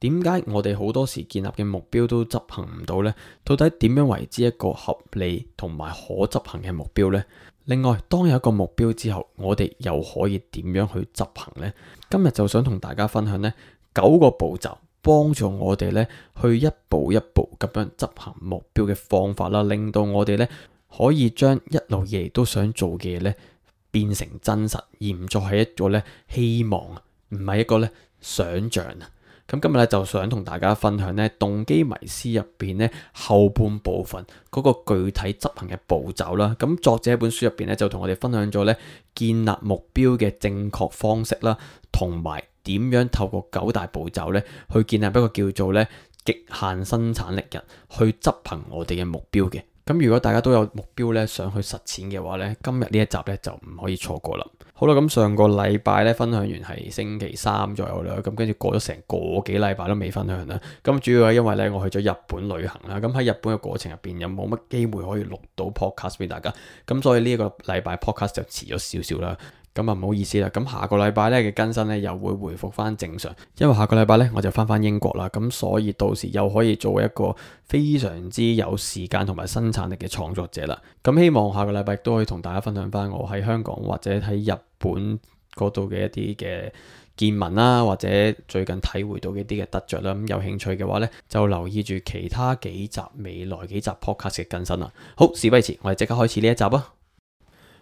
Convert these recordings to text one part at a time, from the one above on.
點解我哋好多時建立嘅目標都執行唔到呢？到底點樣為之一個合理同埋可執行嘅目標呢？另外，當有一個目標之後，我哋又可以點樣去執行呢？今日就想同大家分享呢九個步驟，幫助我哋呢去一步一步咁樣執行目標嘅方法啦，令到我哋呢可以將一路以嚟都想做嘅嘢呢變成真實，而唔再係一個呢希望，唔係一個呢想象啊！咁今日咧就想同大家分享咧《動機迷思》入邊咧後半部分嗰個具體執行嘅步驟啦。咁作者喺本書入邊咧就同我哋分享咗咧建立目標嘅正確方式啦，同埋點樣透過九大步驟咧去建立一個叫做咧極限生產力人去執行我哋嘅目標嘅。咁如果大家都有目標咧，想去實踐嘅話咧，今日呢一集咧就唔可以錯過啦。好啦，咁上個禮拜咧分享完係星期三左右啦，咁跟住過咗成個幾禮拜都未分享啦。咁主要係因為咧我去咗日本旅行啦，咁喺日本嘅過程入邊又冇乜機會可以錄到 podcast 俾大家，咁所以呢個禮拜 podcast 就遲咗少少啦。咁啊，唔好意思啦，咁下個禮拜咧嘅更新咧又會回復翻正常，因為下個禮拜咧我就翻翻英國啦，咁所以到時又可以做一個非常之有時間同埋生產力嘅創作者啦。咁希望下個禮拜都可以同大家分享翻我喺香港或者喺日本嗰度嘅一啲嘅見聞啦、啊，或者最近體會到嘅一啲嘅得着啦、啊。咁有興趣嘅話咧，就留意住其他幾集未來幾集 Podcast 嘅更新啦。好，事不宜遲，我哋即刻開始呢一集啊。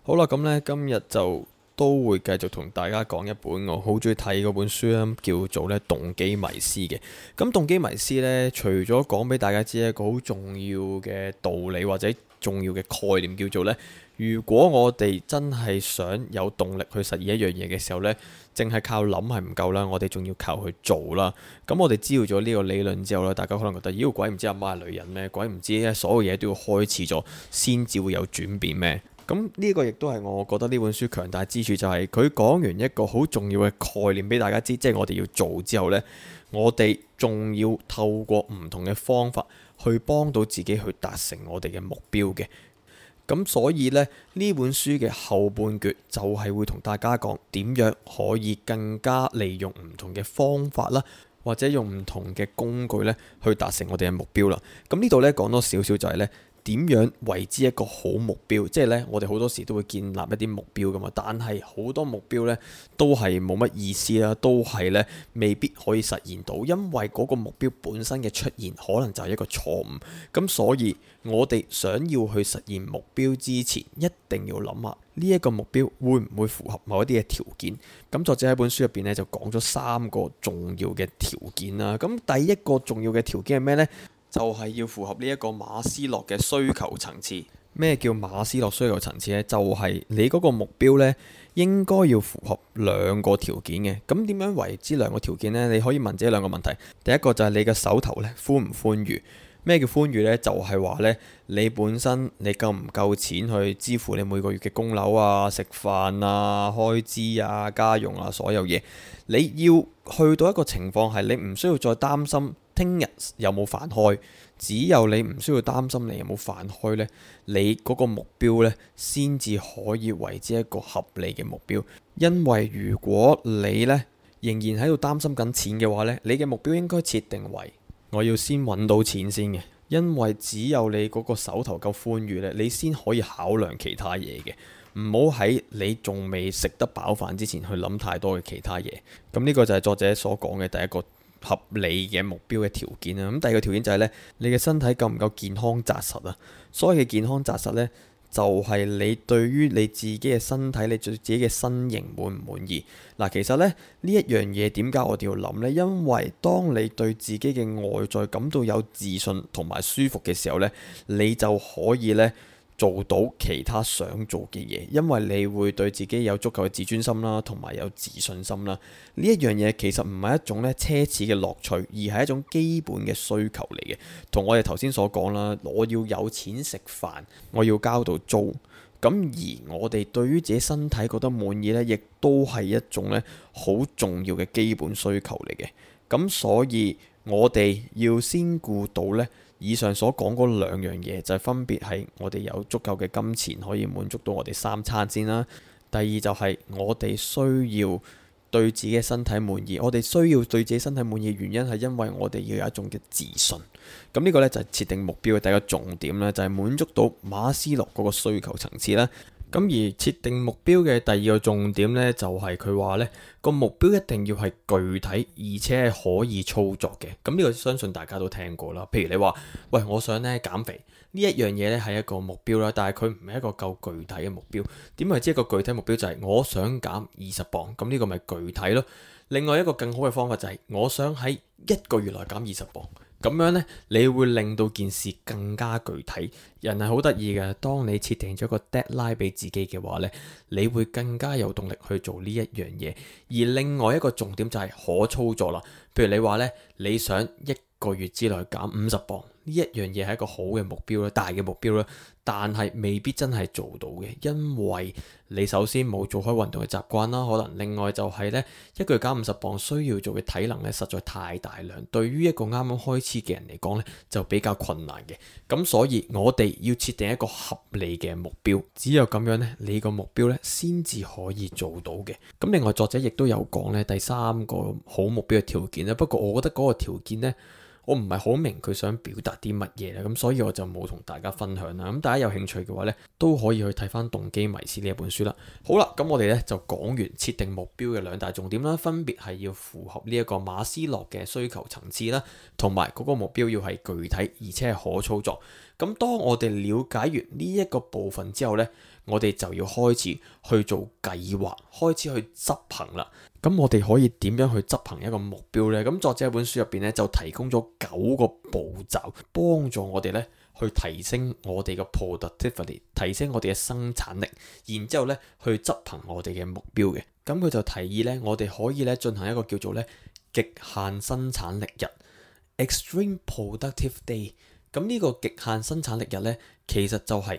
好啦，咁咧今日就。都會繼續同大家講一本我好中意睇嗰本書叫做咧《動機迷思》嘅。咁《動機迷思》呢，除咗講俾大家知一個好重要嘅道理或者重要嘅概念，叫做咧，如果我哋真係想有動力去實現一樣嘢嘅時候呢，淨係靠諗係唔夠啦，我哋仲要靠去做啦。咁我哋知道咗呢個理論之後咧，大家可能覺得，妖、呃、鬼唔知阿媽係女人咩？鬼唔知所有嘢都要開始咗先至會有轉變咩？咁呢個亦都係我覺得呢本書強大之處，就係佢講完一個好重要嘅概念俾大家知，即係我哋要做之後呢，我哋仲要透過唔同嘅方法去幫到自己去達成我哋嘅目標嘅。咁所以呢，呢本書嘅後半段就係會同大家講點樣可以更加利用唔同嘅方法啦，或者用唔同嘅工具呢去達成我哋嘅目標啦。咁呢度呢，講多少少就係呢。點樣為之一個好目標？即係呢，我哋好多時都會建立一啲目標噶嘛，但係好多目標呢，都係冇乜意思啦，都係呢，未必可以實現到，因為嗰個目標本身嘅出現可能就係一個錯誤。咁所以，我哋想要去實現目標之前，一定要諗下呢一個目標會唔會符合某一啲嘅條件。咁作者喺本書入邊呢，就講咗三個重要嘅條件啦。咁第一個重要嘅條件係咩呢？就係要符合呢一個馬斯洛嘅需求層次。咩叫馬斯洛需求層次呢？就係你嗰個目標呢，應該要符合兩個條件嘅。咁點樣為之兩個條件呢？你可以問自己兩個問題。第一個就係你嘅手頭呢，寬唔寬裕？咩叫寬裕呢？就係話呢，你本身你夠唔夠錢去支付你每個月嘅供樓啊、食飯啊、開支啊、家用啊所有嘢？你要去到一個情況係你唔需要再擔心。聽日有冇飯開？只有你唔需要擔心你有冇飯開呢，你嗰個目標呢，先至可以為之一個合理嘅目標。因為如果你呢仍然喺度擔心緊錢嘅話呢，你嘅目標應該設定為我要先揾到錢先嘅。因為只有你嗰個手頭夠寬裕呢，你先可以考量其他嘢嘅。唔好喺你仲未食得飽飯之前去諗太多嘅其他嘢。咁呢個就係作者所講嘅第一個。合理嘅目標嘅條件啦，咁、嗯、第二個條件就係呢，你嘅身體夠唔夠健康紮實啊？所謂嘅健康紮實呢，就係、是、你對於你自己嘅身體，你對自己嘅身形滿唔滿意？嗱、啊，其實呢呢一樣嘢點解我哋要諗呢？因為當你對自己嘅外在感到有自信同埋舒服嘅時候呢，你就可以呢，做到其他想做嘅嘢，因為你會對自己有足夠嘅自尊心啦，同埋有自信心啦。呢一樣嘢其實唔係一種咧奢侈嘅樂趣，而係一種基本嘅需求嚟嘅。同我哋頭先所講啦，我要有錢食飯，我要交到租。咁而我哋對於自己身體覺得滿意咧，亦都係一種咧好重要嘅基本需求嚟嘅。咁所以我哋要先顧到咧。以上所講嗰兩樣嘢，就分別係我哋有足夠嘅金錢可以滿足到我哋三餐先啦。第二就係我哋需要對自己嘅身體滿意。我哋需要對自己身體滿意嘅原因係因為我哋要有一種嘅自信。咁呢個呢，就係設定目標嘅第一個重點呢，就係滿足到馬斯洛嗰個需求層次啦。咁而設定目標嘅第二個重點呢，就係佢話呢個目標一定要係具體，而且係可以操作嘅。咁呢個相信大家都聽過啦。譬如你話喂，我想咧減肥呢一樣嘢呢，係一個目標啦，但係佢唔係一個夠具體嘅目標。點為之一個具體目標就係我想減二十磅。咁呢個咪具體咯。另外一個更好嘅方法就係我想喺一個月內減二十磅。咁樣呢，你會令到件事更加具體。人係好得意嘅，當你設定咗個 deadline 俾自己嘅話呢，你會更加有動力去做呢一樣嘢。而另外一個重點就係可操作啦。譬如你話呢，你想一個月之內減五十磅。呢一樣嘢係一個好嘅目標咧，大嘅目標咧，但係未必真係做到嘅，因為你首先冇做開運動嘅習慣啦，可能另外就係呢，一個月減五十磅需要做嘅體能咧，實在太大量，對於一個啱啱開始嘅人嚟講呢，就比較困難嘅。咁所以我哋要設定一個合理嘅目標，只有咁樣呢，你個目標咧先至可以做到嘅。咁另外作者亦都有講呢，第三個好目標嘅條件咧，不過我覺得嗰個條件呢。我唔係好明佢想表達啲乜嘢啦，咁所以我就冇同大家分享啦。咁大家有興趣嘅話呢，都可以去睇返《動機迷思》呢一本書啦。好啦，咁我哋呢就講完設定目標嘅兩大重點啦，分別係要符合呢一個馬斯洛嘅需求層次啦，同埋嗰個目標要係具體而且係可操作。咁當我哋了解完呢一個部分之後呢，我哋就要開始去做計劃，開始去執行啦。咁我哋可以點樣去執行一個目標呢？咁作者喺本書入邊咧就提供咗九個步驟，幫助我哋咧去提升我哋嘅 productivity，提升我哋嘅生產力，然之後咧去執行我哋嘅目標嘅。咁佢就提議咧，我哋可以咧進行一個叫做咧極限生產力日 （Extreme Productivity Day）。咁呢個極限生產力日咧，其實就係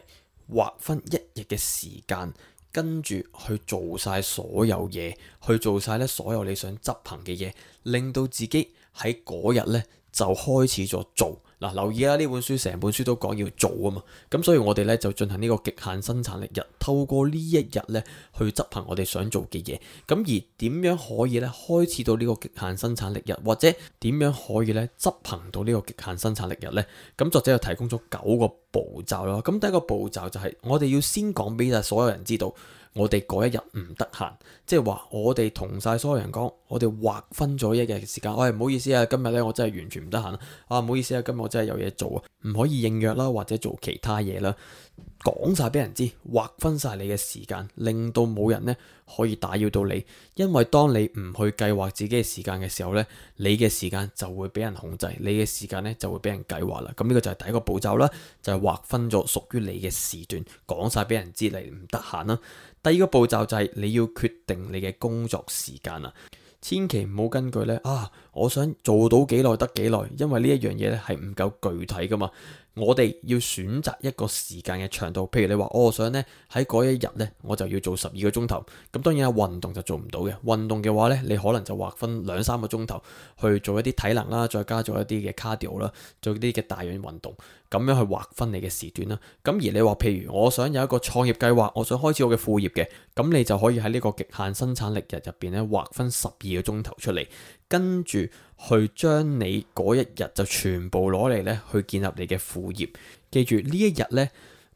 劃分一日嘅時間。跟住去做晒所有嘢，去做晒咧所有你想執行嘅嘢，令到自己喺嗰日咧就開始咗做。嗱，留意啦、啊！呢本書成本書都講要做啊嘛，咁所以我哋咧就進行呢個極限生產力日，透過呢一日咧去執行我哋想做嘅嘢。咁而點樣可以咧開始到呢個極限生產力日，或者點樣可以咧執行到呢個極限生產力日呢？咁作者又提供咗九個步驟咯。咁第一個步驟就係、是、我哋要先講俾晒所有人知道。我哋嗰一日唔得閒，即係話我哋同晒所有人講，我哋劃分咗一日時間。我係唔好意思啊，今日咧我真係完全唔得閒啊，唔好意思啊，今日我真係有嘢做，唔可以應約啦，或者做其他嘢啦。講晒俾人知，劃分晒你嘅時間，令到冇人呢可以打擾到你。因為當你唔去計劃自己嘅時間嘅時候呢，你嘅時間就會俾人控制，你嘅時間呢就會俾人計劃啦。咁呢個就係第一個步驟啦，就係劃分咗屬於你嘅時段，講晒俾人知你唔得閒啦。第二個步驟就係你要決定你嘅工作時間啊，千祈唔好根據呢啊，我想做到幾耐得幾耐，因為呢一樣嘢呢係唔夠具體噶嘛。我哋要選擇一個時間嘅長度，譬如你話，我想咧喺嗰一日咧，我就要做十二個鐘頭。咁當然啊，運動就做唔到嘅，運動嘅話咧，你可能就劃分兩三個鐘頭去做一啲體能啦，再加咗一啲嘅 cardio 啦，做一啲嘅帶氧運動，咁樣去劃分你嘅時段啦。咁而你話，譬如我想有一個創業計劃，我想開始我嘅副業嘅，咁你就可以喺呢個極限生產力日入邊咧劃分十二個鐘頭出嚟。跟住去將你嗰一日就全部攞嚟咧，去建立你嘅副業。記住呢一日咧，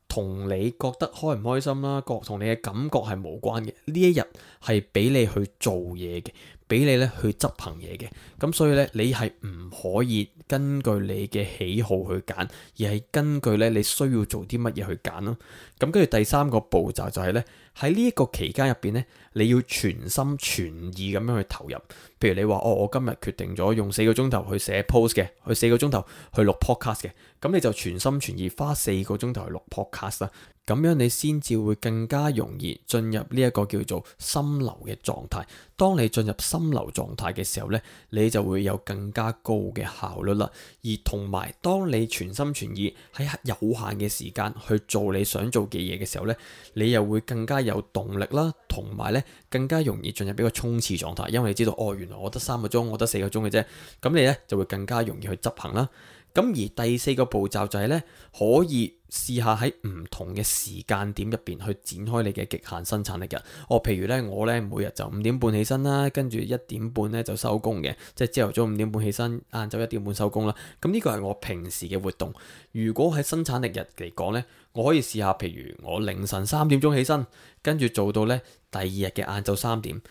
同你覺得開唔開心啦，同你嘅感覺係無關嘅。呢一日係俾你去做嘢嘅，俾你咧去執行嘢嘅。咁所以咧，你係唔可以根據你嘅喜好去揀，而係根據咧你需要做啲乜嘢去揀咯。咁跟住第三個步驟就係咧。喺呢一個期間入邊咧，你要全心全意咁樣去投入。譬如你話哦，我今日決定咗用四個鐘頭去寫 post 嘅，去四個鐘頭去錄 podcast 嘅，咁你就全心全意花四個鐘頭去錄 podcast 啦。咁樣你先至會更加容易進入呢一個叫做心流嘅狀態。當你進入心流狀態嘅時候咧，你就會有更加高嘅效率啦。而同埋，當你全心全意喺有限嘅時間去做你想做嘅嘢嘅時候咧，你又會更加有動力啦，同埋咧更加容易進入一個衝刺狀態，因為你知道哦，原來我得三個鐘，我得四個鐘嘅啫，咁你咧就會更加容易去執行啦。咁而第四個步驟就係咧，可以試下喺唔同嘅時間點入邊去展開你嘅極限生產力日。哦，譬如咧我咧每日就五點半起身啦，跟住一點半咧就收工嘅，即係朝頭早五點半起身，晏晝一點半收工啦。咁呢個係我平時嘅活動。如果喺生產力日嚟講咧。我可以試下，譬如我凌晨三點鐘起身，跟住做到呢第二日嘅晏晝三點，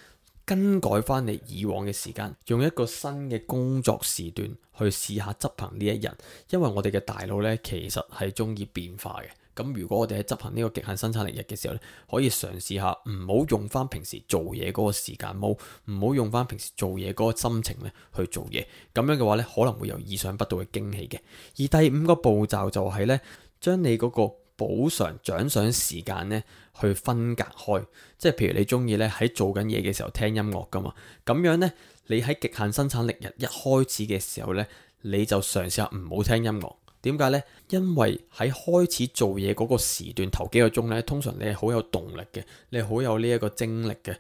更改翻你以往嘅時間，用一個新嘅工作時段去試下執行呢一日。因為我哋嘅大腦呢其實係中意變化嘅。咁如果我哋喺執行呢個極限生產力日嘅時候呢，可以嘗試下唔好用翻平時做嘢嗰個時間，唔好用翻平時做嘢嗰個心情呢去做嘢。咁樣嘅話呢，可能會有意想不到嘅驚喜嘅。而第五個步驟就係呢：將你嗰個好常獎賞時間咧，去分隔開，即係譬如你中意咧喺做緊嘢嘅時候聽音樂噶嘛，咁樣咧，你喺極限生產力日一開始嘅時候咧，你就嘗試下唔好聽音樂。點解咧？因為喺開始做嘢嗰個時段頭幾個鐘咧，通常你係好有動力嘅，你好有呢一個精力嘅。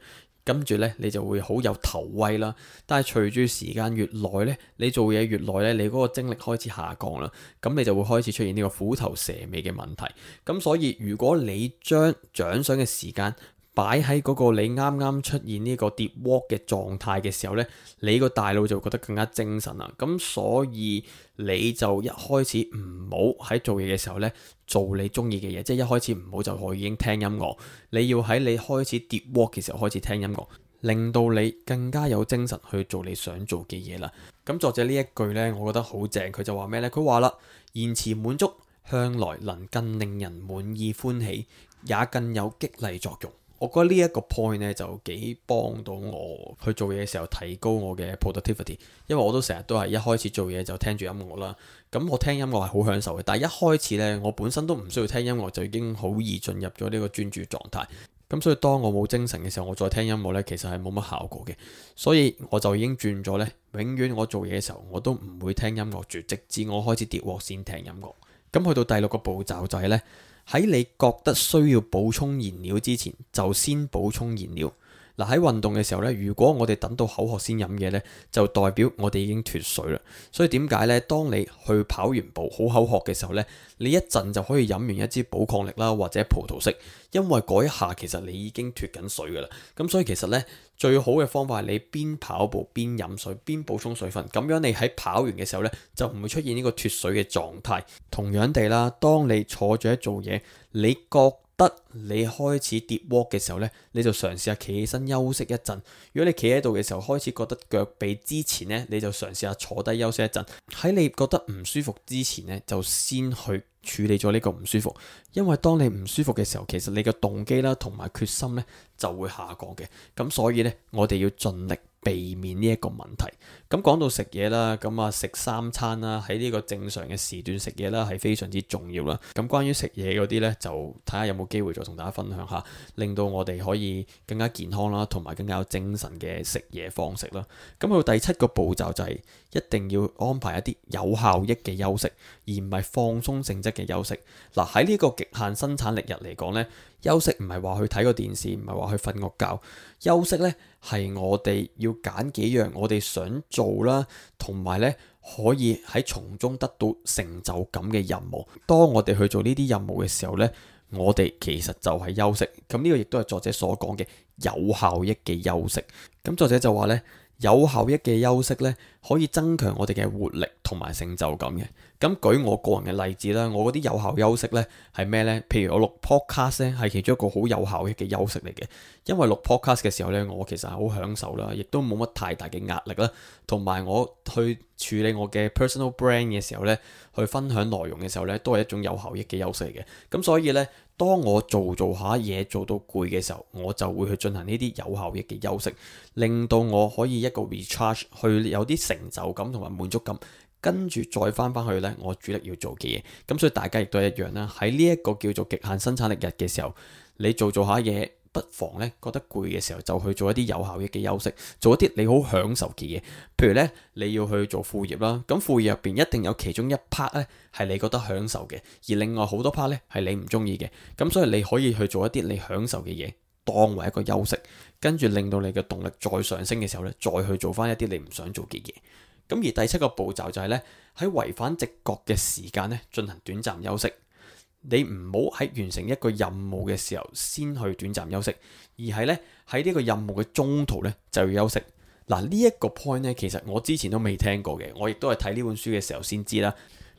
跟住咧，你就會好有頭威啦。但係隨住時間越耐咧，你做嘢越耐咧，你嗰個精力開始下降啦。咁你就會開始出現呢個虎頭蛇尾嘅問題。咁所以如果你將獎賞嘅時間擺喺嗰個你啱啱出現呢個跌 walk 嘅狀態嘅時候呢，你個大腦就會覺得更加精神啦。咁所以你就一開始唔好喺做嘢嘅時候呢，做你中意嘅嘢，即係一開始唔好就我已經聽音樂。你要喺你開始跌 walk 嘅時候開始聽音樂，令到你更加有精神去做你想做嘅嘢啦。咁作者呢一句呢，我覺得好正。佢就話咩呢？佢話啦，延遲滿足向來能更令人滿意歡喜，也更有激勵作用。我覺得呢一個 point 呢，就幾幫到我去做嘢嘅時候提高我嘅 productivity，因為我都成日都係一開始做嘢就聽住音樂啦。咁我聽音樂係好享受嘅，但係一開始呢，我本身都唔需要聽音樂就已經好易進入咗呢個專注狀態。咁所以當我冇精神嘅時候，我再聽音樂呢，其實係冇乜效果嘅。所以我就已經轉咗呢：「永遠我做嘢嘅時候我都唔會聽音樂住，直至我開始跌鑊先聽音樂。咁去到第六個步驟就係呢。喺你覺得需要補充燃料之前，就先補充燃料。嗱，喺運動嘅時候咧，如果我哋等到口渴先飲嘢咧，就代表我哋已經脫水啦。所以點解咧？當你去跑完步好口渴嘅時候咧，你一陣就可以飲完一支寶礦力啦或者葡萄適，因為嗰一下其實你已經脫緊水噶啦。咁所以其實咧，最好嘅方法係你邊跑步邊飲水邊補充水分，咁樣你喺跑完嘅時候咧就唔會出現呢個脫水嘅狀態。同樣地啦，當你坐住喺做嘢，你覺得你開始跌窩嘅時候呢，你就嘗試下企起身休息一陣。如果你企喺度嘅時候開始覺得腳痹之前呢，你就嘗試下坐低休息一陣。喺你覺得唔舒服之前呢，就先去處理咗呢個唔舒服。因為當你唔舒服嘅時候，其實你嘅動機啦同埋決心呢就會下降嘅。咁所以呢，我哋要盡力避免呢一個問題。咁講到食嘢啦，咁啊食三餐啦，喺呢個正常嘅時段食嘢啦，係非常之重要啦。咁關於食嘢嗰啲呢，就睇下有冇機會再同大家分享下，令到我哋可以更加健康啦，同埋更加有精神嘅食嘢方式啦。咁去到第七個步驟就係一定要安排一啲有效益嘅休息，而唔係放鬆性質嘅休息。嗱，喺呢個極限生產力日嚟講呢，休息唔係話去睇個電視，唔係話去瞓個覺。休息呢，係我哋要揀幾樣我哋想做。做啦，同埋咧可以喺從中得到成就感嘅任務。當我哋去做呢啲任務嘅時候咧，我哋其實就係休息。咁、這、呢個亦都係作者所講嘅有效益嘅休息。咁作者就話咧。有效益嘅休息呢，可以增強我哋嘅活力同埋成就感嘅。咁舉我個人嘅例子啦，我嗰啲有效休息呢係咩呢？譬如我錄 podcast 呢，係其中一個好有效益嘅休息嚟嘅。因為錄 podcast 嘅時候呢，我其實係好享受啦，亦都冇乜太大嘅壓力啦，同埋我去處理我嘅 personal brand 嘅時候呢，去分享內容嘅時候呢，都係一種有效益嘅休息嚟嘅。咁所以呢。當我做做下嘢做到攰嘅時候，我就會去進行呢啲有效益嘅休息，令到我可以一個 recharge 去有啲成就感同埋滿足感，跟住再返返去呢，我主力要做嘅嘢。咁所以大家亦都係一樣啦。喺呢一個叫做極限生產力日嘅時候，你做做下嘢。不妨咧，覺得攰嘅時候就去做一啲有效益嘅休息，做一啲你好享受嘅嘢。譬如咧，你要去做副業啦，咁副業入邊一定有其中一 part 咧係你覺得享受嘅，而另外好多 part 咧係你唔中意嘅。咁所以你可以去做一啲你享受嘅嘢，當為一個休息，跟住令到你嘅動力再上升嘅時候咧，再去做翻一啲你唔想做嘅嘢。咁而第七個步驟就係咧，喺違反直覺嘅時間咧進行短暫休息。你唔好喺完成一個任務嘅時候先去短暫休息，而係呢，喺呢個任務嘅中途呢就要休息。嗱呢一個 point 呢，其實我之前都未聽過嘅，我亦都係睇呢本書嘅時候先知啦。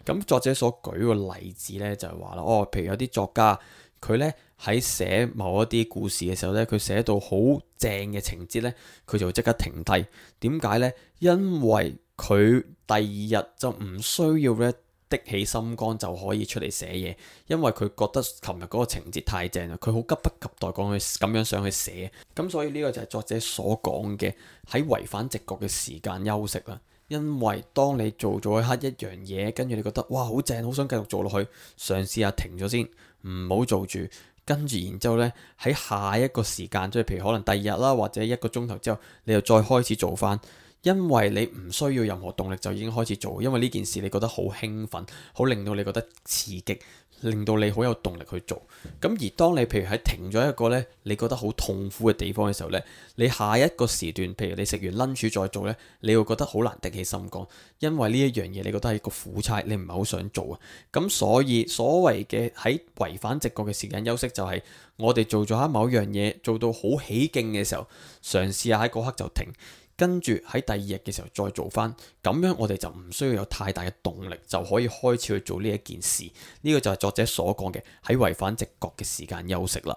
咁作者所舉個例子呢，就係話啦，哦，譬如有啲作家，佢呢喺寫某一啲故事嘅時候呢，佢寫到好正嘅情節呢，佢就會即刻停低。點解呢？因為佢第二日就唔需要呢。的起心肝就可以出嚟寫嘢，因為佢覺得琴日嗰個情節太正啦，佢好急不及待講去咁樣上去寫，咁所以呢個就係作者所講嘅喺違反直覺嘅時間休息啦。因為當你做咗一刻一樣嘢，跟住你覺得哇，好正，好想繼續做落去，嘗試下停咗先，唔好做住，跟住然之後呢，喺下一個時間，即係譬如可能第二日啦，或者一個鐘頭之後，你又再開始做翻。因為你唔需要任何動力就已經開始做，因為呢件事你覺得好興奮，好令到你覺得刺激，令到你好有動力去做。咁而當你譬如喺停咗一個呢你覺得好痛苦嘅地方嘅時候呢，你下一個時段，譬如你食完 lunch 再做呢，你會覺得好難掟起心肝，因為呢一樣嘢你覺得係一個苦差，你唔係好想做啊。咁所以所謂嘅喺違反直覺嘅時間休息，就係，就係我哋做咗下某樣嘢，做到好起勁嘅時候，嘗試下喺嗰刻就停。跟住喺第二日嘅時候再做翻，咁樣我哋就唔需要有太大嘅動力就可以開始去做呢一件事。呢、這個就係作者所講嘅喺違反直覺嘅時間休息啦。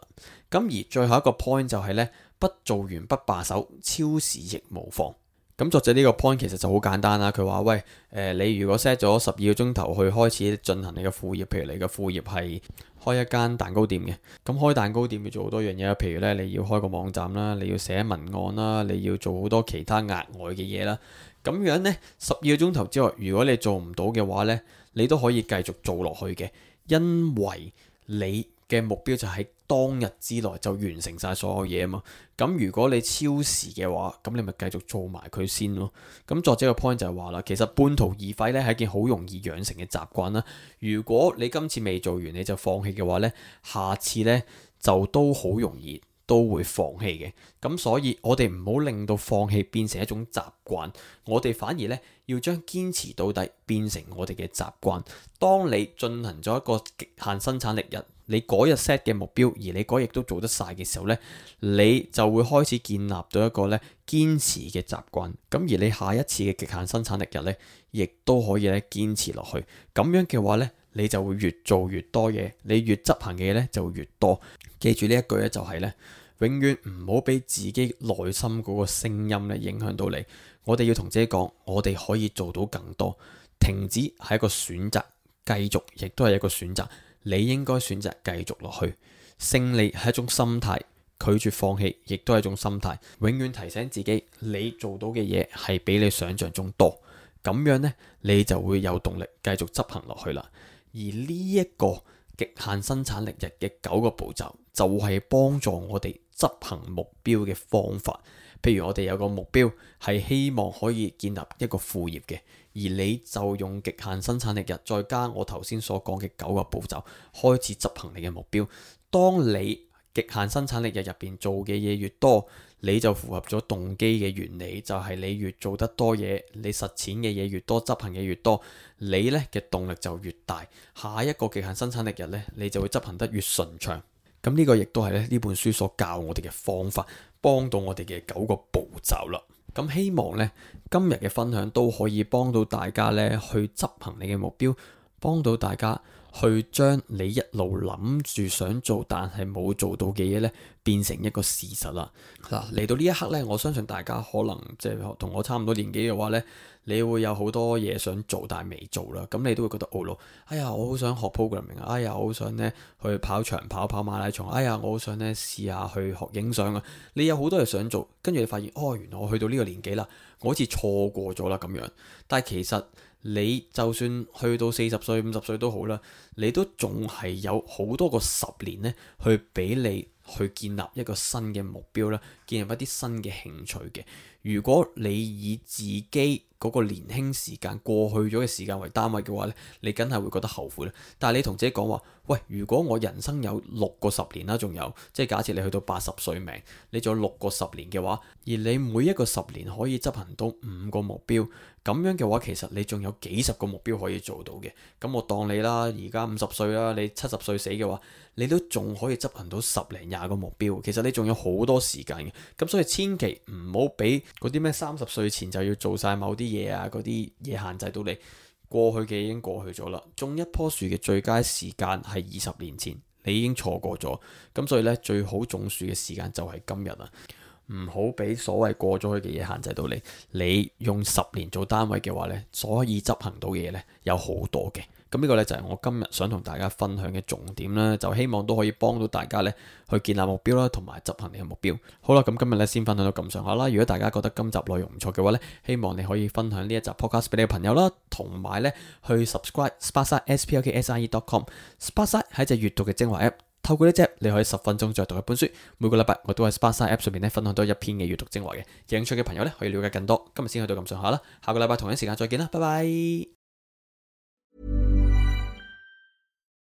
咁而最後一個 point 就係、是、呢，不做完不罷手，超時亦無妨。咁作者呢個 point 其實就好簡單啦。佢話：喂，誒、呃，你如果 set 咗十二個鐘頭去開始進行你嘅副業，譬如你嘅副業係開一間蛋糕店嘅，咁開蛋糕店要做好多樣嘢啊。譬如咧，你要開個網站啦，你要寫文案啦，你要做好多其他額外嘅嘢啦。咁樣呢，十二個鐘頭之外，如果你做唔到嘅話呢，你都可以繼續做落去嘅，因為你嘅目標就喺當日之內就完成晒所有嘢啊嘛，咁如果你超時嘅話，咁你咪繼續做埋佢先咯。咁作者個 point 就係話啦，其實半途而廢咧係一件好容易養成嘅習慣啦。如果你今次未做完你就放棄嘅話咧，下次咧就都好容易都會放棄嘅，咁所以我哋唔好令到放棄變成一種習慣，我哋反而呢，要將堅持到底變成我哋嘅習慣。當你進行咗一個極限生產力日，你嗰日 set 嘅目標，而你嗰日都做得晒嘅時候呢，你就會開始建立到一個呢堅持嘅習慣。咁而你下一次嘅極限生產力日呢，亦都可以咧堅持落去。咁樣嘅話呢，你就會越做越多嘢，你越執行嘅嘢呢，就越多。記住呢一句咧，就係咧，永遠唔好俾自己內心嗰個聲音咧影響到你。我哋要同自己講，我哋可以做到更多。停止係一個選擇，繼續亦都係一個選擇。你應該選擇繼續落去。勝利係一種心態，拒絕放棄亦都係一種心態。永遠提醒自己，你做到嘅嘢係比你想象中多。咁樣呢，你就會有動力繼續執行落去啦。而呢一個極限生產力日嘅九個步驟，就係幫助我哋執行目標嘅方法。譬如我哋有個目標係希望可以建立一個副業嘅，而你就用極限生產力日再加我頭先所講嘅九個步驟開始執行你嘅目標。當你極限生產力日入邊做嘅嘢越多，你就符合咗動機嘅原理，就係你越做得多嘢，你實踐嘅嘢越多，執行嘅越多，你呢嘅動力就越大。下一個極限生產力日呢，你就會執行得越順暢。咁呢個亦都係咧呢本書所教我哋嘅方法，幫到我哋嘅九個步驟啦。咁希望呢今日嘅分享都可以幫到大家呢去執行你嘅目標，幫到大家去將你一路諗住想做但係冇做到嘅嘢呢變成一個事實啦。嗱，嚟到呢一刻呢，我相信大家可能即係同我差唔多年紀嘅話呢。你會有好多嘢想做，但做，但係未做啦。咁你都會覺得哦，哎呀，我好想學 programming m 啊！哎呀，我好想咧去跑長跑、跑馬拉松。哎呀，我好想咧試下去學影相啊！你有好多嘢想做，跟住你發現，哦，原來我去到呢個年紀啦，我好似錯過咗啦咁樣。但係其實你就算去到四十歲、五十歲都好啦，你都仲係有好多個十年咧，去俾你去建立一個新嘅目標啦，建立一啲新嘅興趣嘅。如果你以自己嗰個年輕時間過去咗嘅時間為單位嘅話咧，你梗係會覺得後悔啦。但係你同自己講話。喂，如果我人生有六個十年啦，仲有，即係假設你去到八十歲命，你仲有六個十年嘅話，而你每一個十年可以執行到五個目標，咁樣嘅話，其實你仲有幾十個目標可以做到嘅。咁我當你啦，而家五十歲啦，你七十歲死嘅話，你都仲可以執行到十零廿個目標，其實，你仲有好多時間嘅，咁所以千祈唔好俾嗰啲咩三十歲前就要做晒某啲嘢啊，嗰啲嘢限制到你。過去嘅已經過去咗啦，種一棵樹嘅最佳時間係二十年前，你已經錯過咗，咁所以呢，最好種樹嘅時間就係今日啦，唔好俾所謂過咗去嘅嘢限制到你，你用十年做單位嘅話呢，所以執行到嘅嘢呢，有好多嘅。咁呢個咧就係我今日想同大家分享嘅重點啦，就希望都可以幫到大家咧去建立目標啦，同埋執行你嘅目標。好啦，咁今日咧先分享到咁上下啦。如果大家覺得今集內容唔錯嘅話咧，希望你可以分享呢一集 podcast 俾你嘅朋友啦，同埋咧去 subscribe Sparksine S P A R K S I N E dot com Sparksine 係一隻閱讀嘅精華 App，透過呢隻你可以十分鐘再讀一本書。每個禮拜我都喺 Sparksine App 上面咧分享多一篇嘅閱讀精華嘅。興趣嘅朋友咧可以了解更多。今日先去到咁上下啦，下個禮拜同一時間再見啦，拜拜。